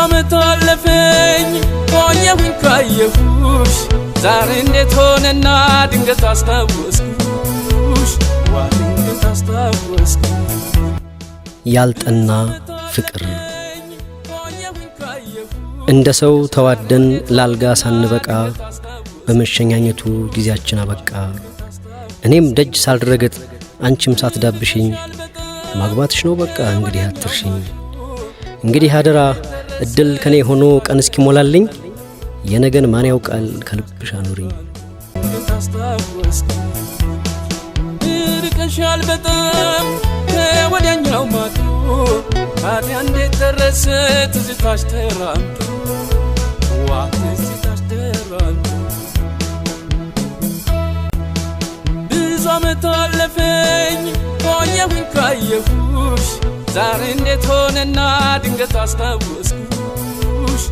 ዓመት አለፈኝ ቆየሁኝ ካየሁሽ ዛሬ እንዴት ሆነና ድንገት አስታወስኩሽ ዋ ድንገት አስታወስኩ ያልጠና ፍቅር እንደ ሰው ተዋደን ላልጋ ሳንበቃ በመሸኛኘቱ ጊዜያችን አበቃ። እኔም ደጅ ሳልረገጥ አንቺም ሳትዳብሽኝ ማግባትሽ ነው በቃ እንግዲህ አትርሽኝ። እንግዲህ አደራ እድል ከኔ ሆኖ ቀን እስኪሞላልኝ የነገን ማን ያውቃል ከልብሽ አኑሪኝ ርቀሻል በጣም ከወዲያኛው ማቱ ታዲያ እንዴት ደረሰ ትዝታሽ ተራምጡ ዋ ትዝታሽ ተራምጡ ብዙ አመት አለፈኝ ቆየሁኝ ካየሁ ዛሬ እንዴት ሆነና ድንገት አስታወስኩሽ